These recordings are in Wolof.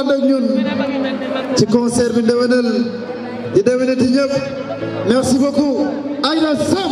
ànd ak ci concert bi ndewenal di dewenati ñëpp merci beaucoup Aïda Sam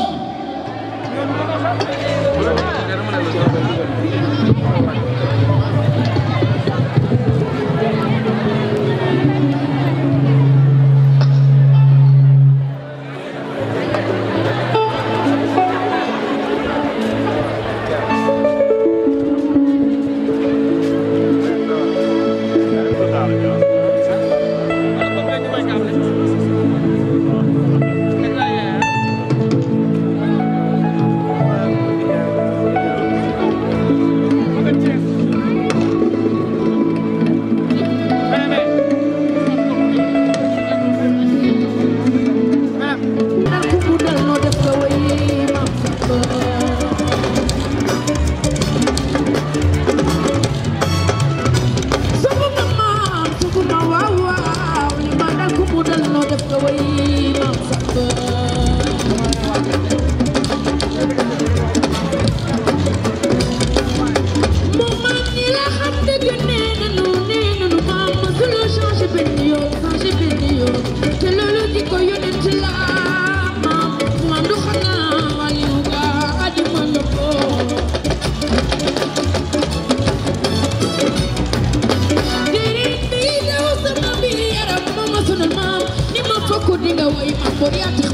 gloria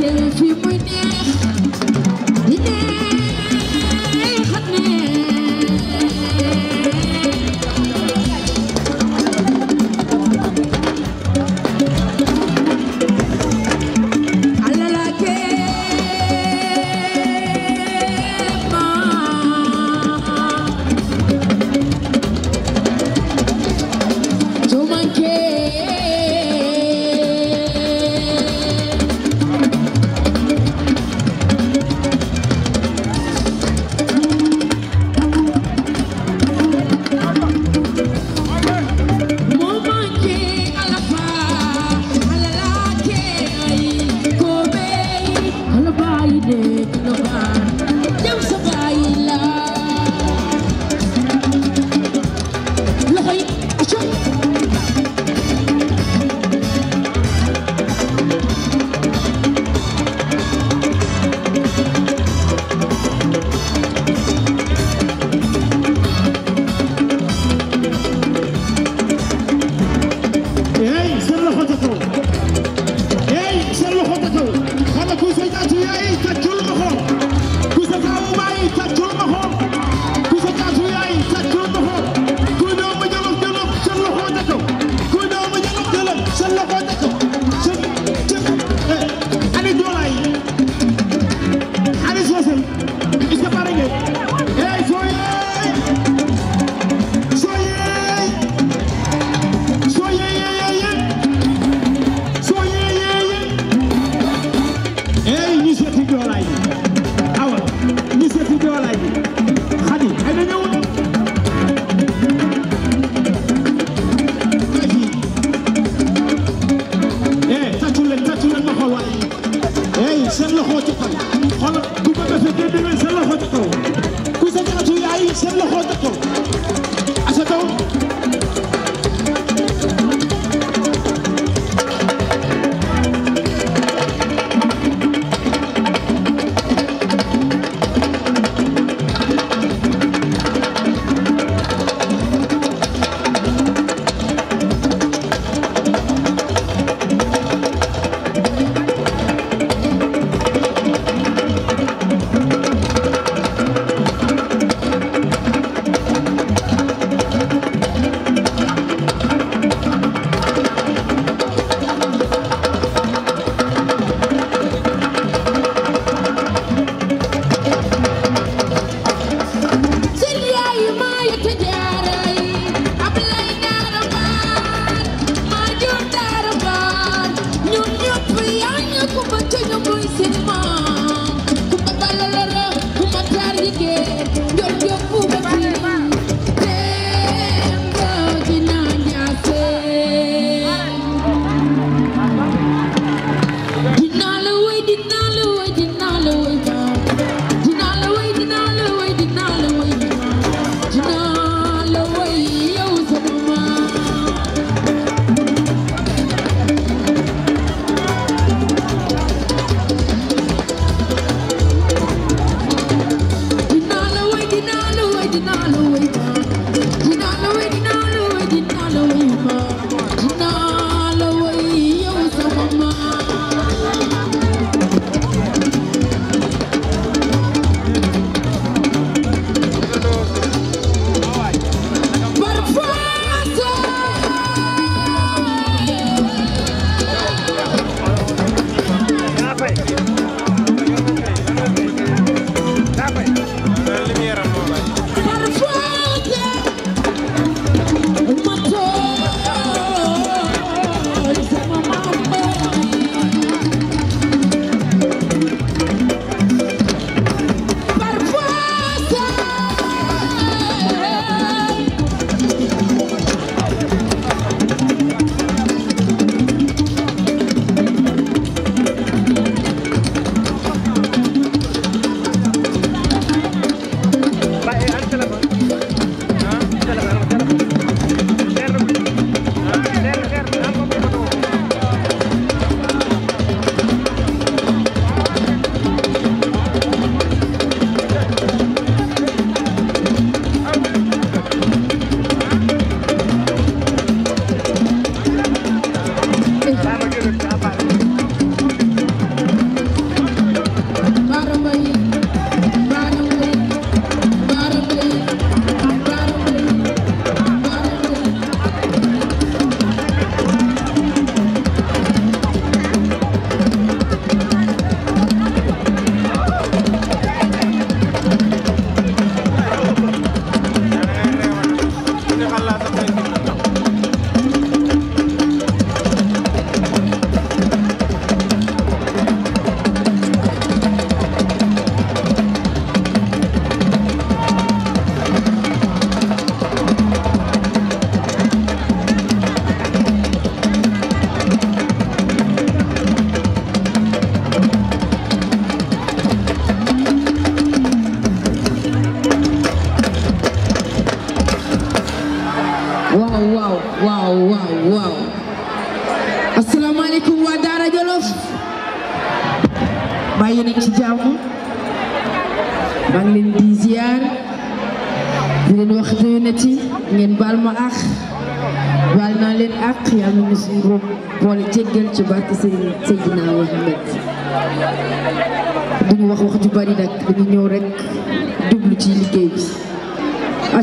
天。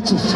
Texas.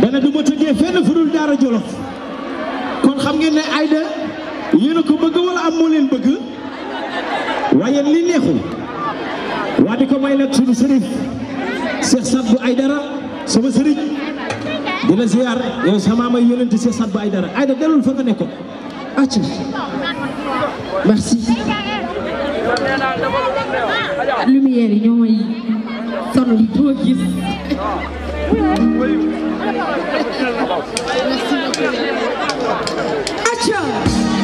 dana du ma tëggee fenn fudul daara jolof kon xam ngeen ne Aida yéen a ko bëgg wala am moo leen bëgg waaye li neexul waa di ko may nag suñu sëriñ Cheikh Sadbu Aidara sama sëriñ di la ziar yow sama may yónent Cheikh Sadbu Aidara Aida delul fa nga nekkoon acci merci yi ñoo Merci. Action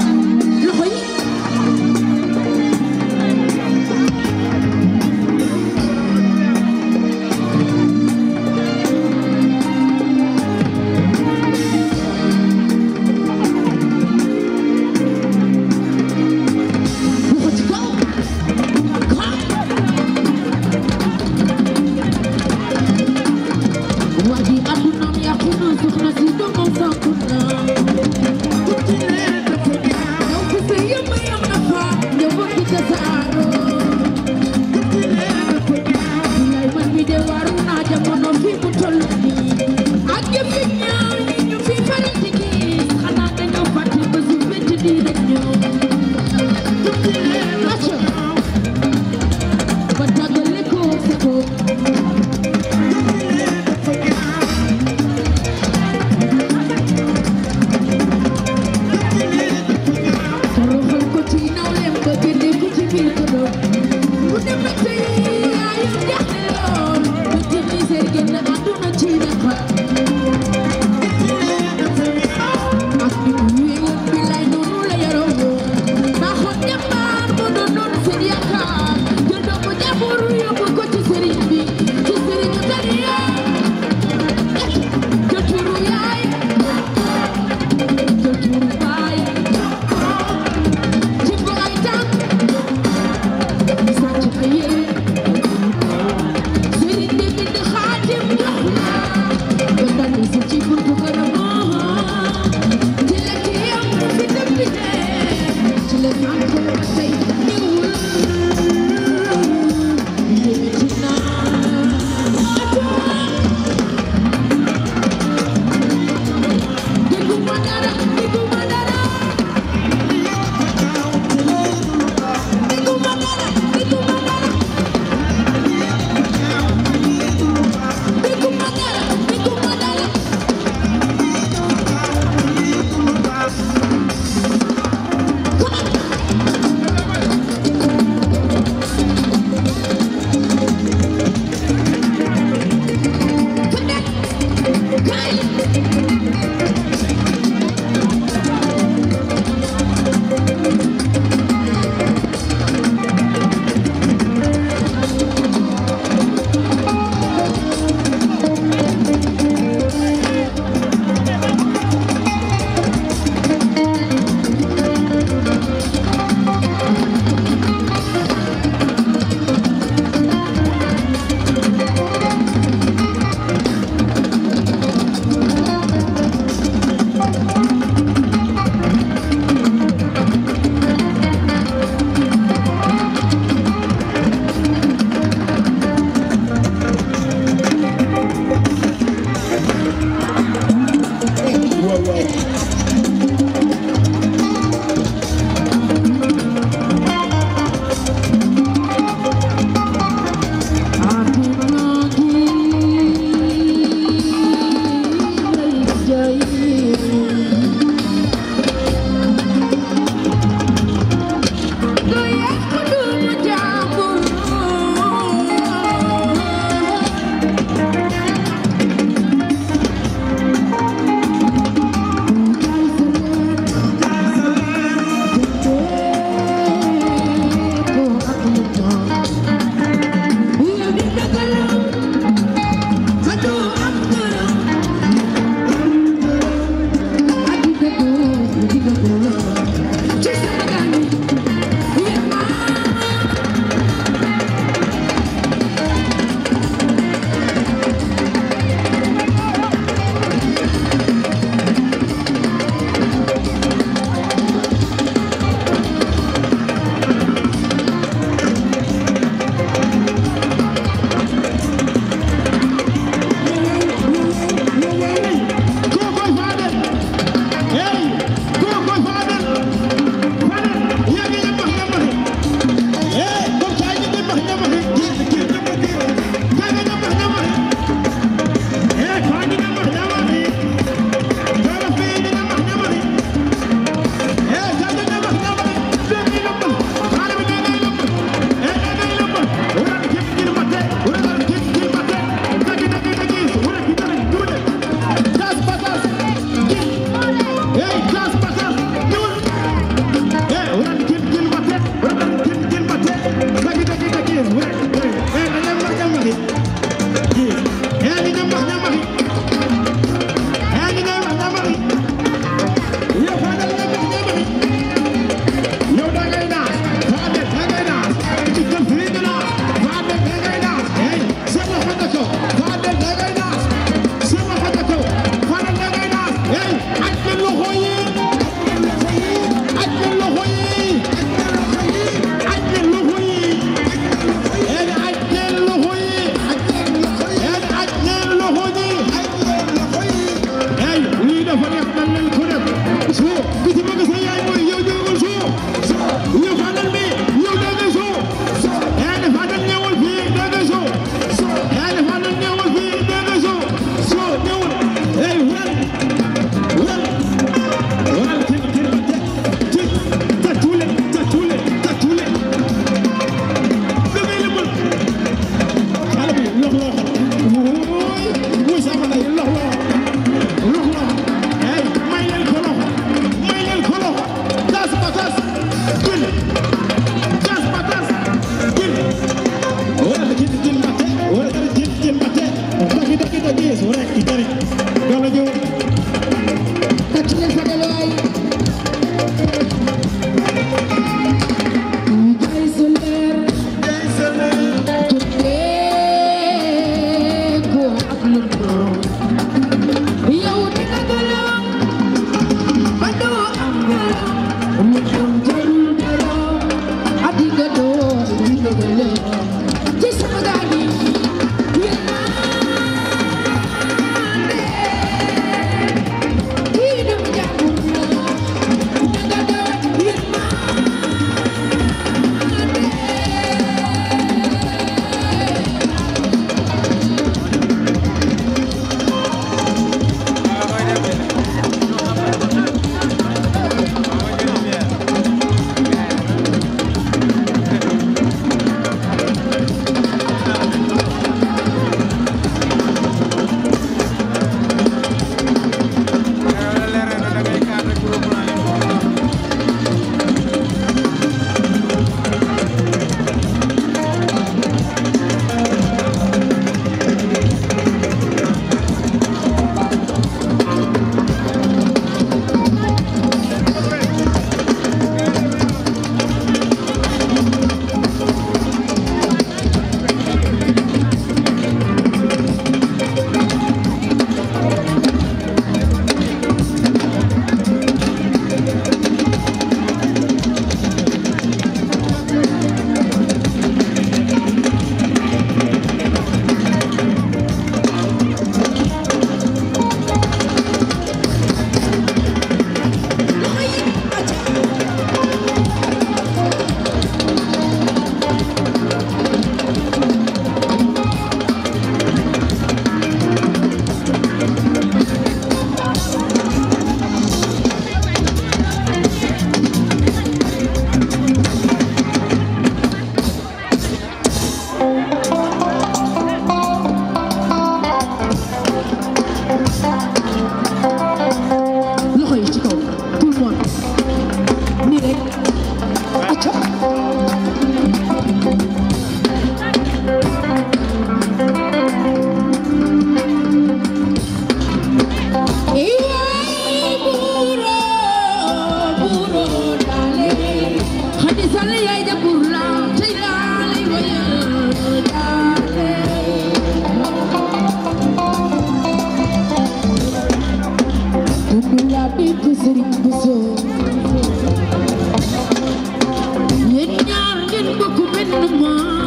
yéen ñaar ngeen bokk benn maam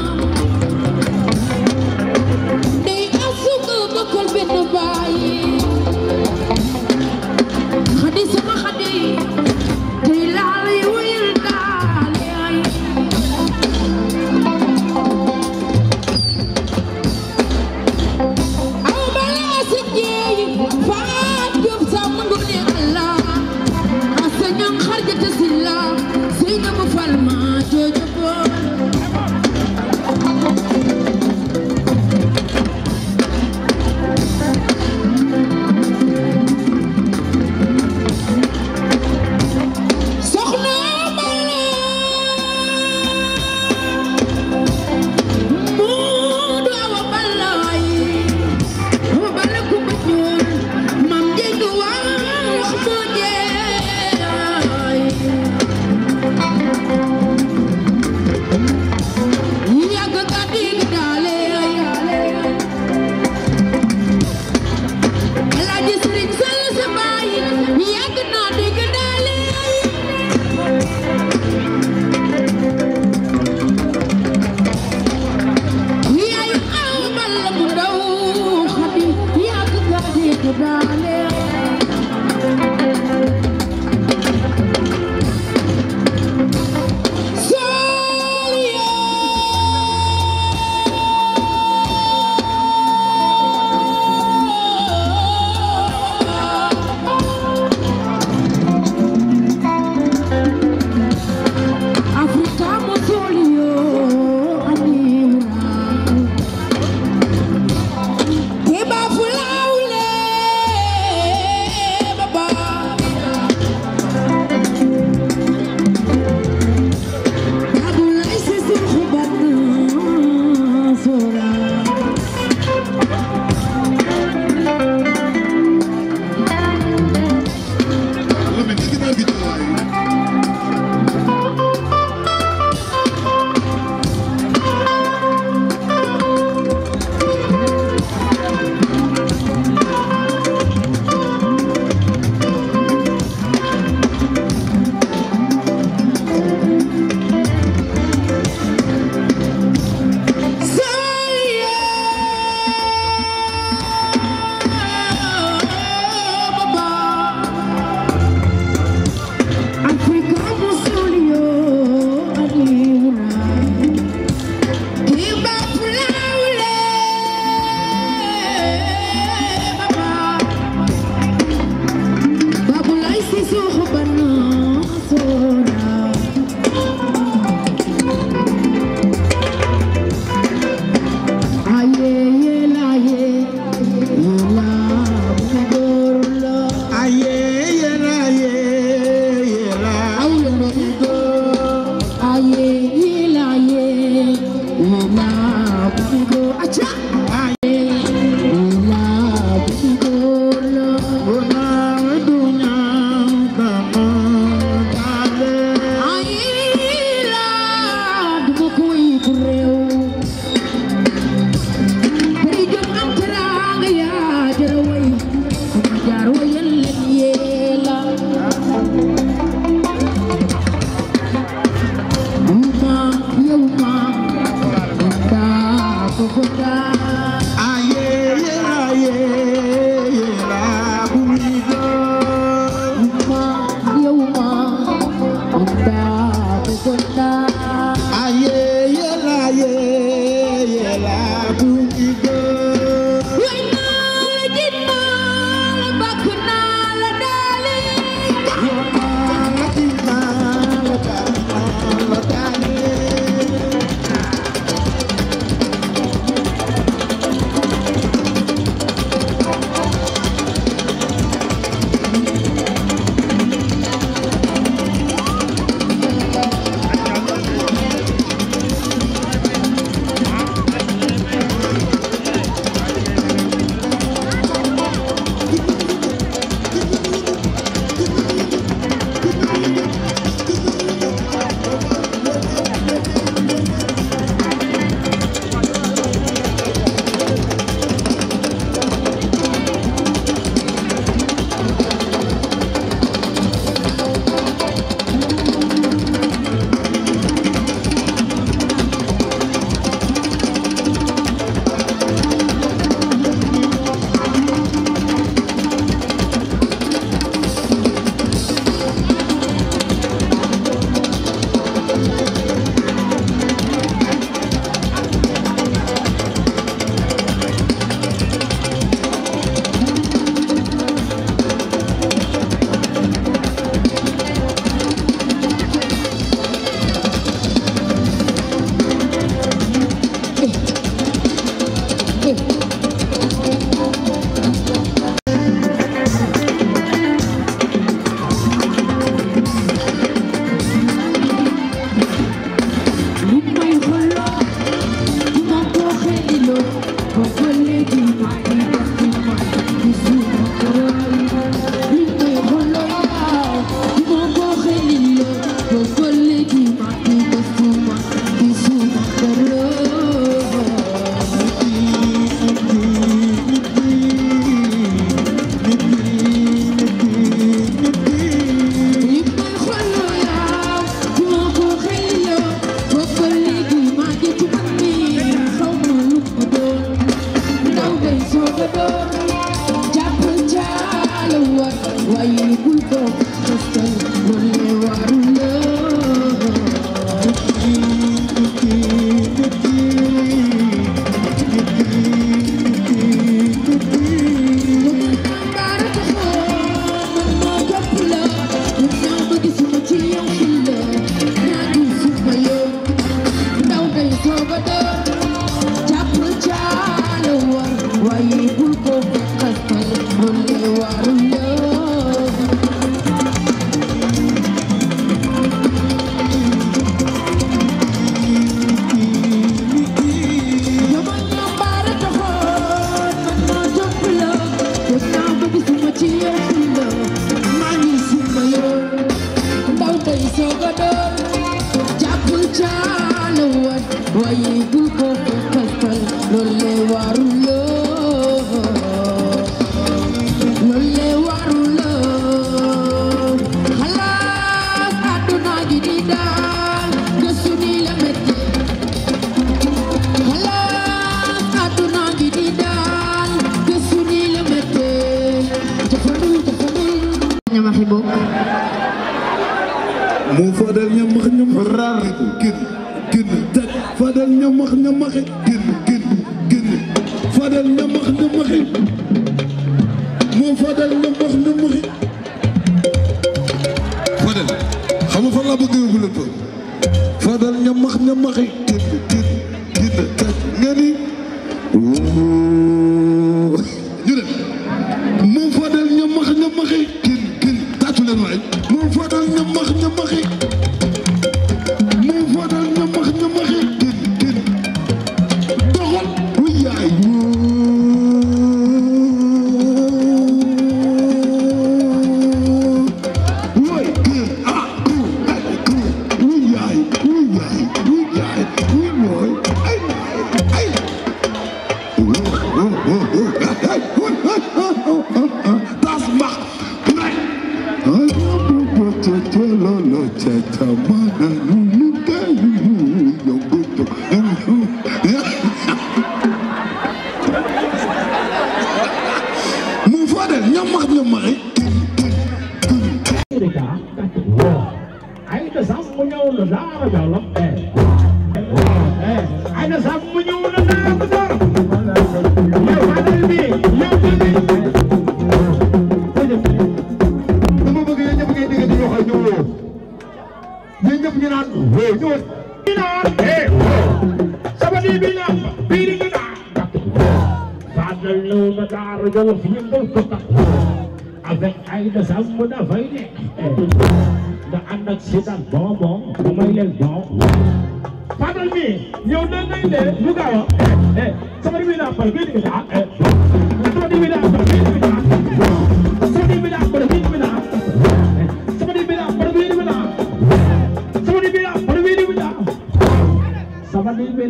Stop, stop, money, right,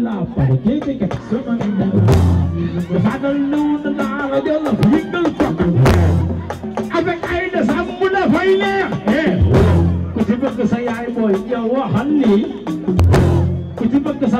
la parikete ka sama sagal nu na la de la yëngal ko avec ay de sam mu da fay neex ku ci mooy yow waxal lii ku ci bëgg sa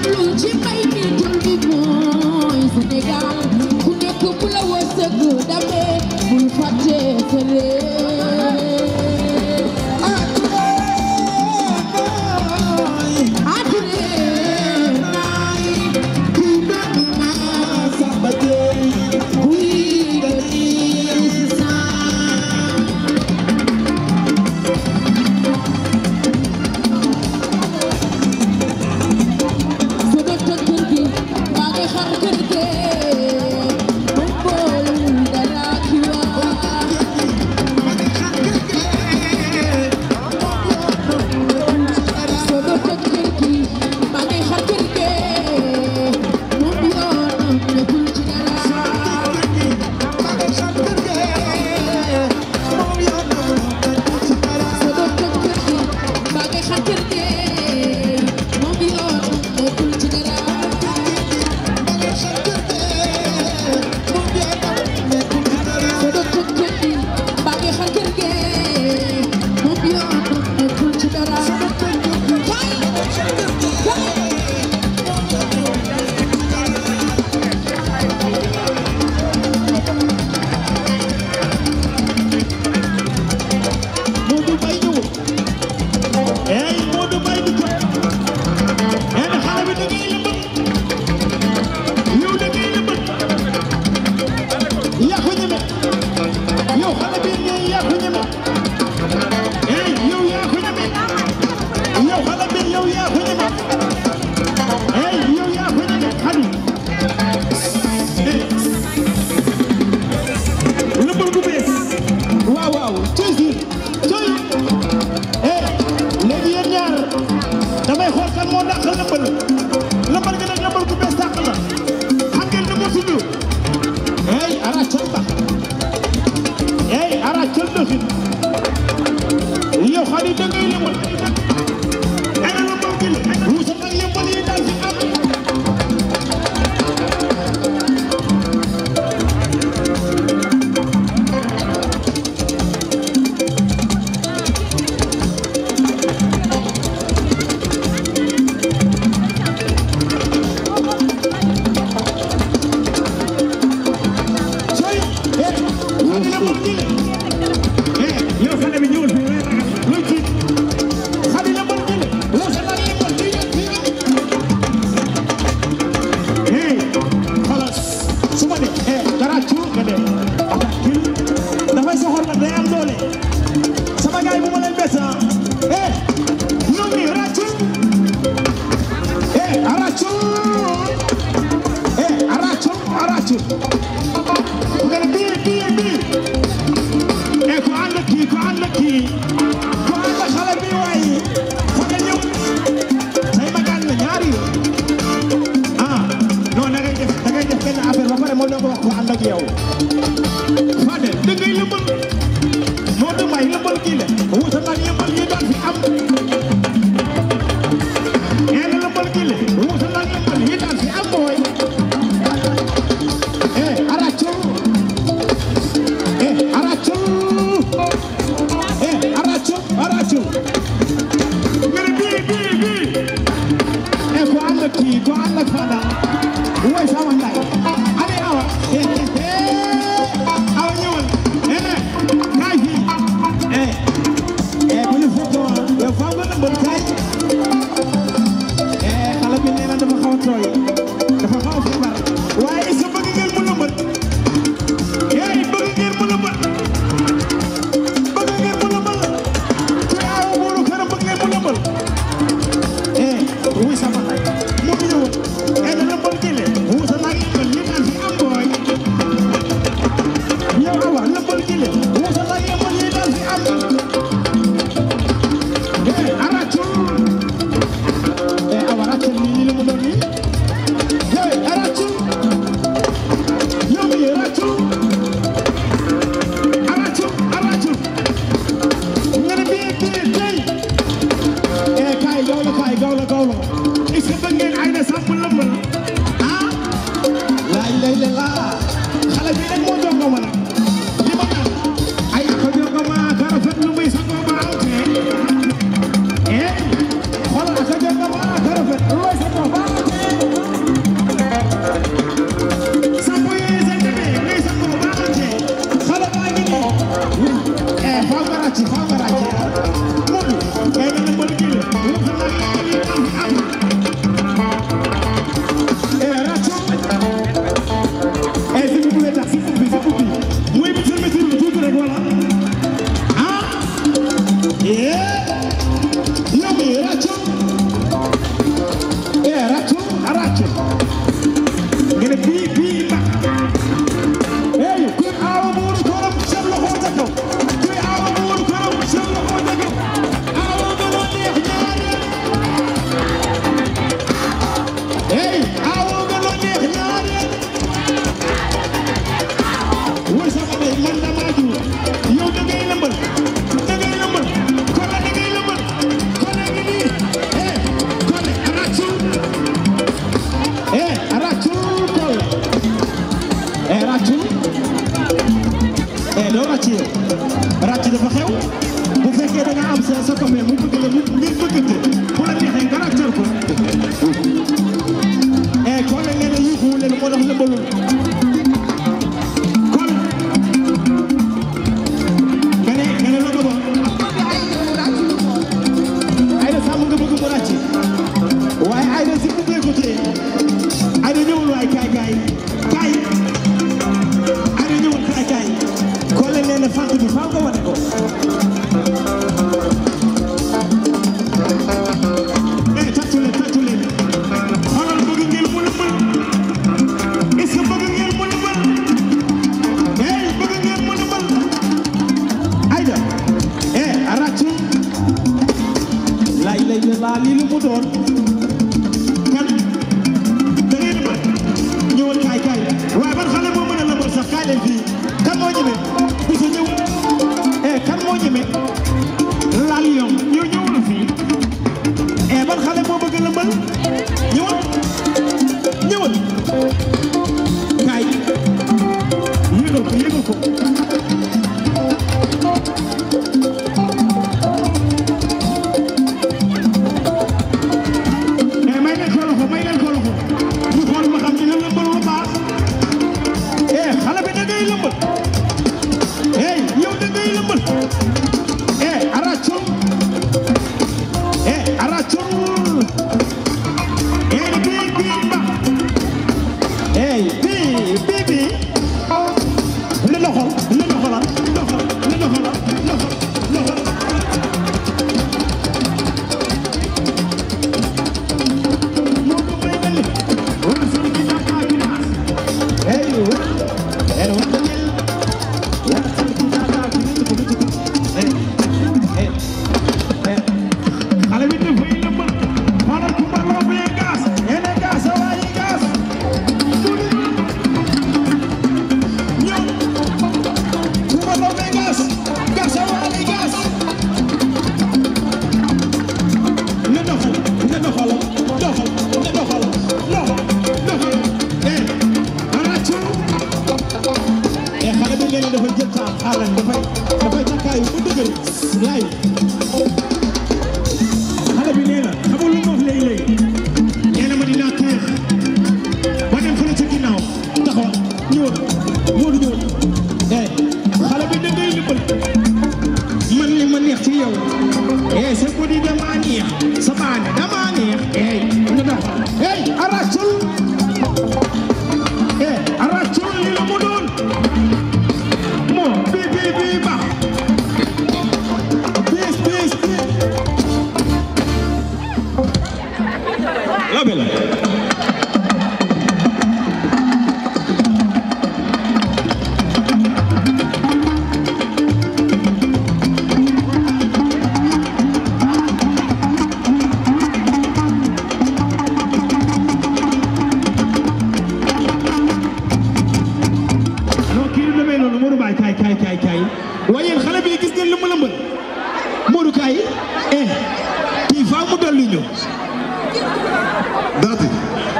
jublu ci mbay mi dul bi mooy Sénégal ku nekk ku la wërsëg damee bul fàtte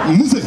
Listen.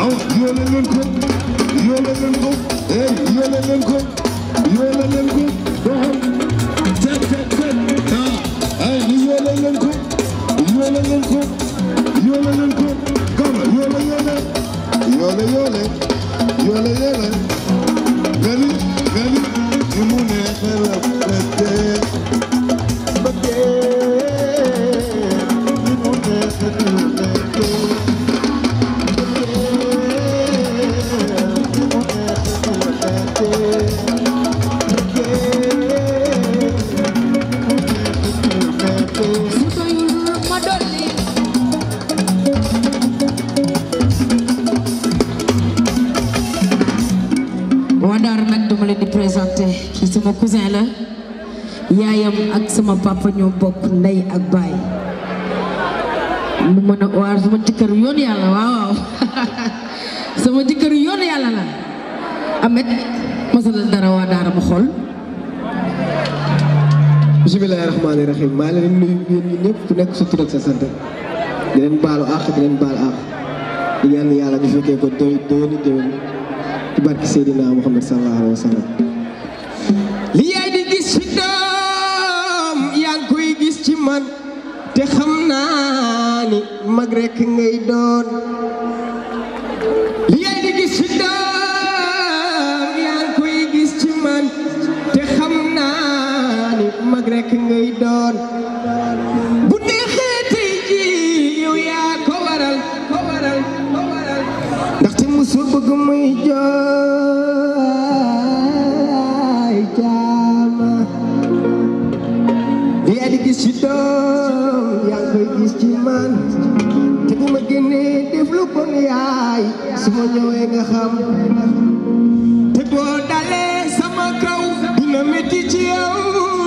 aw yóole leen ko yóole leen ko eh yóole leen ko yóole leen ko doxal teg teg teg ah ay eh, yóole leen ko yóole leen ko yóole leen ko gam yóole yóole yóole yóole yóole yóole gani gani ni mu neex la yang ak sama papa ñoo bokk ndey ak baay mu sama jëkkër yoon waaw waaw sama jëkkër yoon yàlla la amet masalal dara waa daara ma xool bismillahi rahmaani rahim maa leen nuyu yéen ñi ñëpp ku nekk sa tur sa sant di leen di leen di ñaan ko doy doy ni ci barki Muhammad sallallahu te xam naa ni mag rekk ngay doon boo ñëwee nga xam te boo dalee sama kaw dina métti ci yow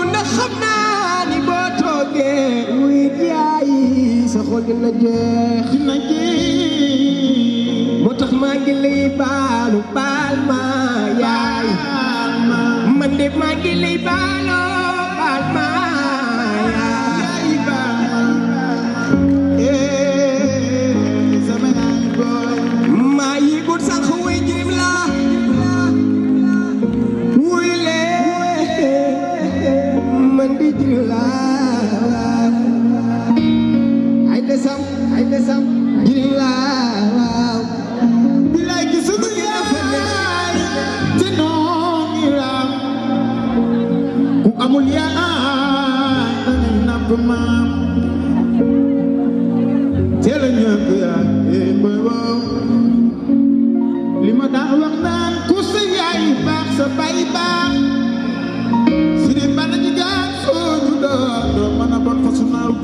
ndax xam naa ni boo toogee muy jaay sa xol dina jeex dina jeex moo tax maa ngi lay baalu baal ma yaay man de maa ngi lay baal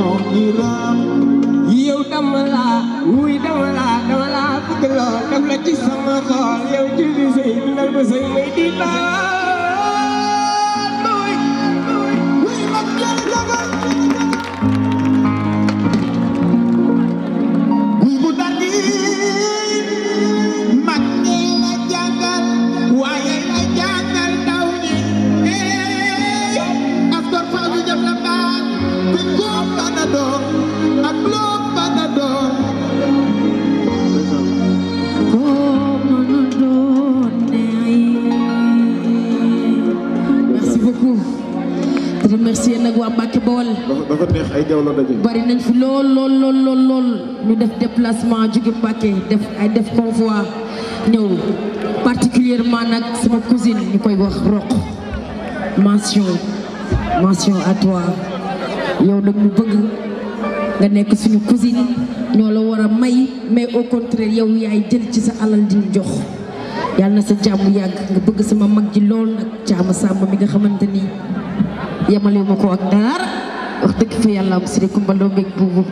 noo iram yow dama la wuy dama la dama la bëgg lool dama la ci sama xol yow ci li sëy ndal ba sëy may di laa lool dafa neex ay jawlo daje bari nañ fi lool lool lool lool lool ñu def déplacement jóge Mbacké def ay def convoi ñëw particulièrement nag sama cousine ñu koy wax roq mention mention à toi yow nag mu bëgg nga nekk suñu cousine ñoo la war a may mais au contraire yow yaay jël ci sa alal di jox yàlla sa jàmm yàgg nga bëgg sama mag ji lool nag jàmm sàmm mi nga xamante ni yemale ak dara wax dëgg fa yàlla am sëriñ Kumba Loo Mbeg buubu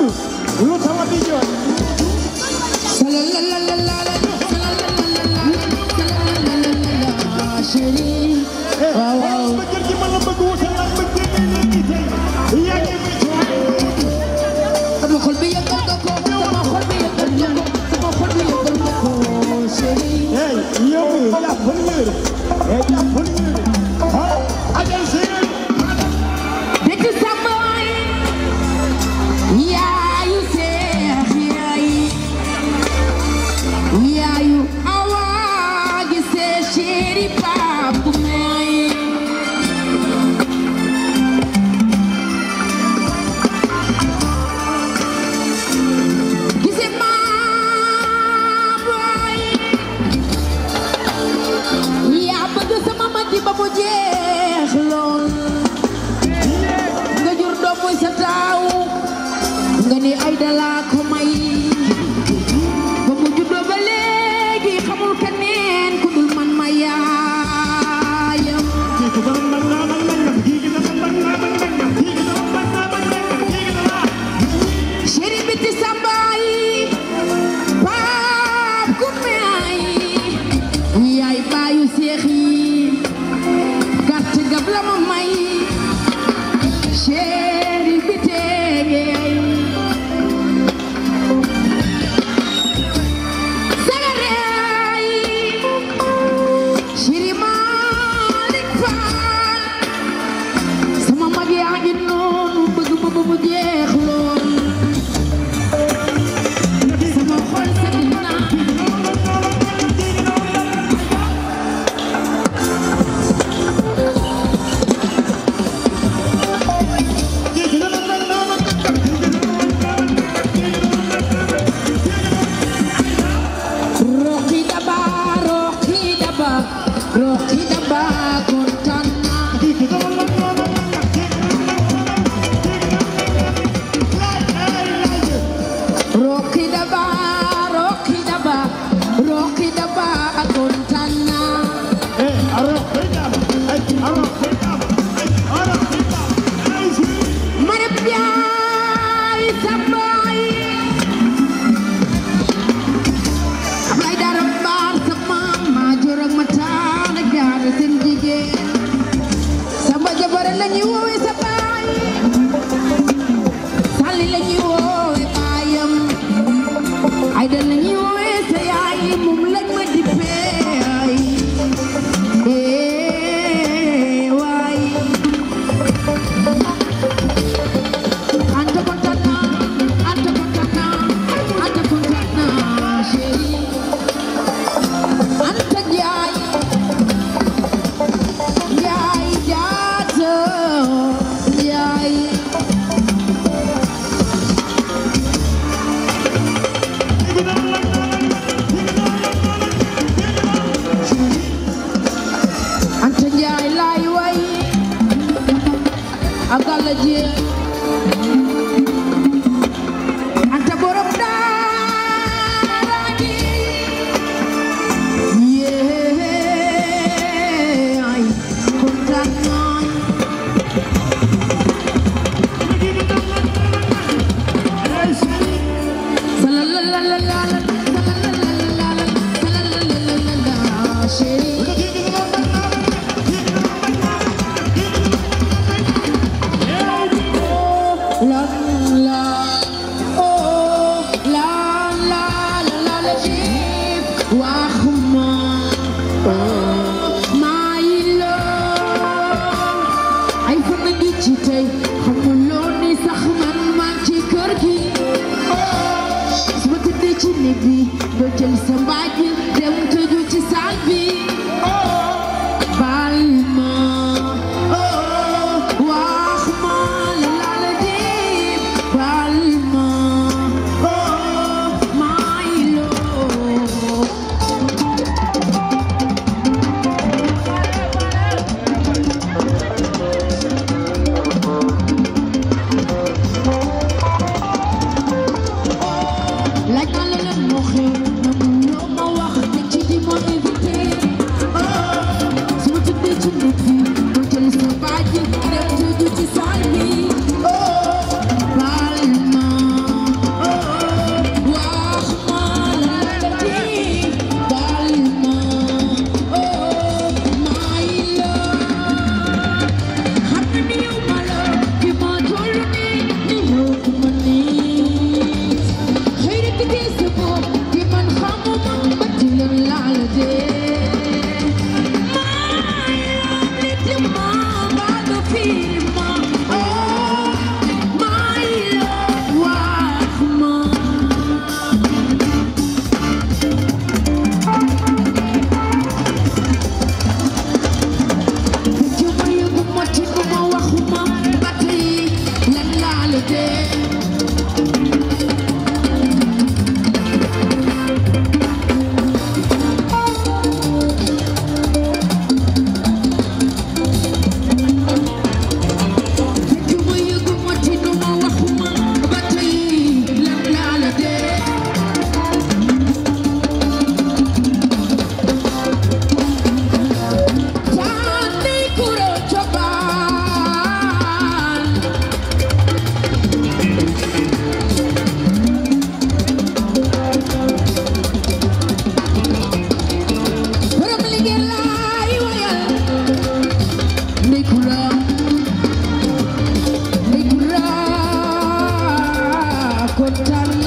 うろ contar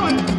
One.